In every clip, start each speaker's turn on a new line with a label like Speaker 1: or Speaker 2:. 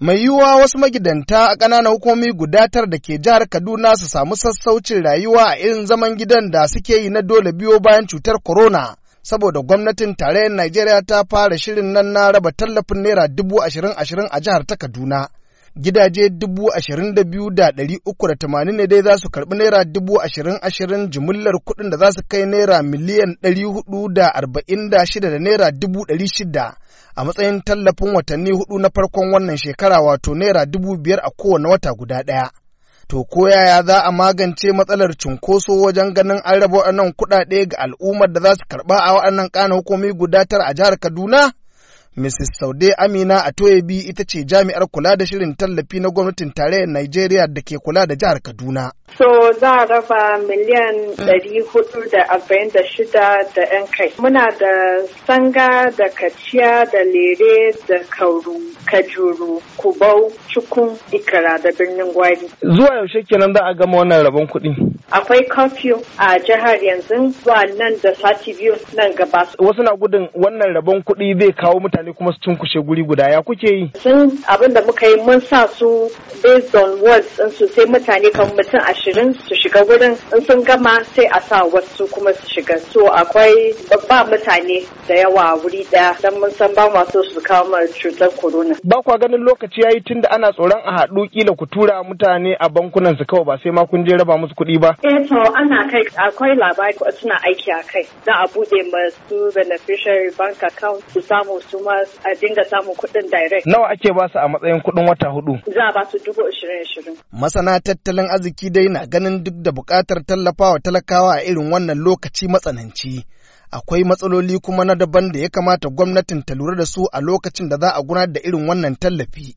Speaker 1: Mai yiwuwa wasu magidanta a ƙananan hukumomi guda tar da ke jihar Kaduna su samu sassaucin rayuwa a irin zaman gidan da suke yi na dole biyo bayan cutar corona. Saboda gwamnatin tarayyar Najeriya ta fara shirin nan na raba tallafin naira dubu ashirin ashirin a jihar ta Kaduna. gidaje dubu ashirin da biyu da ɗari uku da tamanin ne dai za su karɓi naira dubu ashirin ashirin jimillar kuɗin da za su kai naira miliyan ɗari hudu da arba'in da shida da naira dubu ɗari shida a matsayin tallafin watanni hudu na farkon wannan shekara wato naira dubu biyar a kowane wata guda ɗaya. To ko yaya za a magance matsalar cunkoso wajen ganin an raba waɗannan kuɗaɗe ga al'ummar da za su karɓa a waɗannan ƙana hukumi guda tara a jihar Kaduna? Mrs. Saude Amina a Toyebi ita ce jami'ar kula da shirin tallafi na gwamnatin tarayyar Najeriya da ke kula da jihar Kaduna.
Speaker 2: So za a raba miliyan ɗari hudu da arba'in da shida da ‘yan kai. Muna da sanga da kaciya da lere da kauru, kajuru,
Speaker 3: kubau, cikun
Speaker 2: ikara da birnin gwari.
Speaker 3: Zuwa yaushe kenan za a gama wannan rabon kuɗi?
Speaker 2: akwai curfew a jihar yanzu
Speaker 1: wannan nan da sati biyu nan gaba. Wasu na gudun wannan rabon kuɗi zai kawo mutane kuma su cunkushe guri guda ya kuke yi? Sun abin da
Speaker 2: muka yi mun sa su based on words in su sai mutane kan mutum ashirin su shiga gudun in sun gama sai a sa wasu kuma su shiga. So akwai babba mutane da yawa wuri daya dan mun san ba ma so su kawo mana cutar corona. Ba kwa ganin lokaci ya
Speaker 1: yi tunda ana tsoron a haɗu kila ku tura mutane a bankunan su kawai ba sai ma kun je raba musu kuɗi ba.
Speaker 2: Eh to ana kai akwai labari suna aiki a kai za a buɗe masu beneficiary bank account su samu su ma a dinga samun kuɗin direct. Nawa
Speaker 1: ake ba su a matsayin kuɗin wata hudu?
Speaker 2: Za a ba su dubu ashirin ashirin.
Speaker 1: Masana tattalin arziki dai na ganin duk da buƙatar tallafawa talakawa a irin wannan lokaci matsananci. akwai matsaloli kuma na daban da ya kamata gwamnatin ta lura da su a lokacin da za a gudanar da irin wannan tallafi.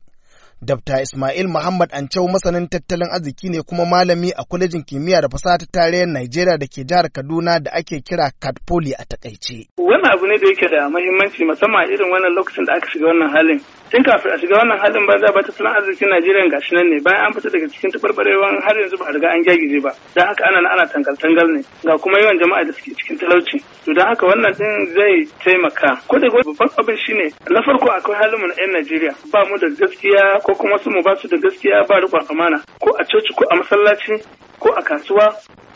Speaker 1: Dabta Ismail Muhammad Ancau masanin tattalin arziki ne kuma malami a kwalejin kimiyya da fasaha ta tarayyar Najeriya da ke jihar Kaduna da ake kira Katpoli a takaice.
Speaker 3: Wani abu ne da yake da muhimmanci musamman irin wannan lokacin da aka shiga wannan halin. Tun kafin a shiga wannan halin ba za ba tattalin arzikin Najeriya ga shi nan ne bayan an fita daga cikin tabarbarewan har yanzu ba a riga an gyagije ba. Don haka ana ana tangal-tangal ne ga kuma yawan jama'a da suke cikin talauci. To don haka wannan din zai taimaka. Ko da babban abin shine na farko akwai halin mu na 'yan Najeriya ba mu da gaskiya ko ko kuma su mu ba su da gaskiya ba riƙon amana ko a coci ko a masallaci ko a kasuwa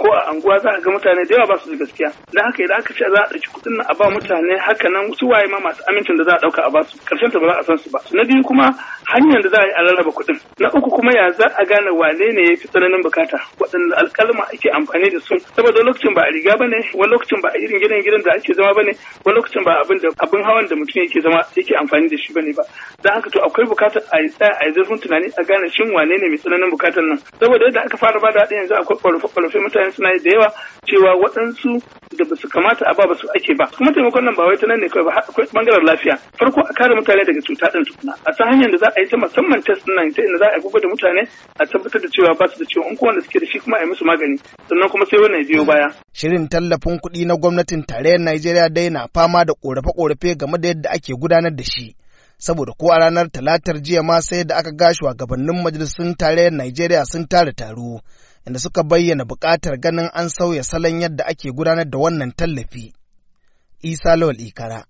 Speaker 3: ko a anguwa za a ga mutane da yawa ba su da gaskiya dan haka idan aka ce za a ɗauki kuɗin nan a ba mutane haka nan su waye ma masu amincin da za a ɗauka a ba su ƙarshen ta ba za a san su ba na biyu kuma hanyar da za a yi a rarraba kuɗin na uku kuma ya za a gane wane ne ya fi tsananin bukata waɗanda alƙalma ake amfani da su saboda lokacin ba a riga ba ne wani lokacin ba a irin gidan gidan da ake zama ba ne wani lokacin ba abin da hawan da mutum yake zama yake amfani da shi ba ne ba don haka to akwai bukatar a yi tsaya a yi zurfin tunani a gane shin wane ne mai tsananin bukatar nan saboda yadda aka fara ba da haɗin yanzu akwai ƙwarfe-ƙwarfe mutane suna yi da yawa cewa waɗansu da ba su kamata a ba ba su ake ba kuma taimakon nan ba wai ta nan ne kawai ba akwai ɓangaren lafiya farko a kare mutane daga cuta ɗin tukuna a ta hanyar da za a yi ta musamman test nan ta inda za a gugu da mutane a tabbatar da cewa ba su da ciwon kowanne suke da shi kuma a yi musu magani sannan kuma sai wannan biyo baya.
Speaker 1: Shirin tallafin kuɗi na gwamnatin tarayyar Najeriya dai na fama da ƙorafe-ƙorafe game da yadda ake gudanar da shi. Saboda ko a ranar talatar jiya ma sai da aka gashi wa gabanin majalisun tarayyar Najeriya sun tara taro, inda suka bayyana buƙatar ganin an sauya salon yadda ake gudanar da wannan tallafi. Isa Lawal Ikara,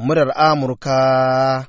Speaker 1: Murar Amurka,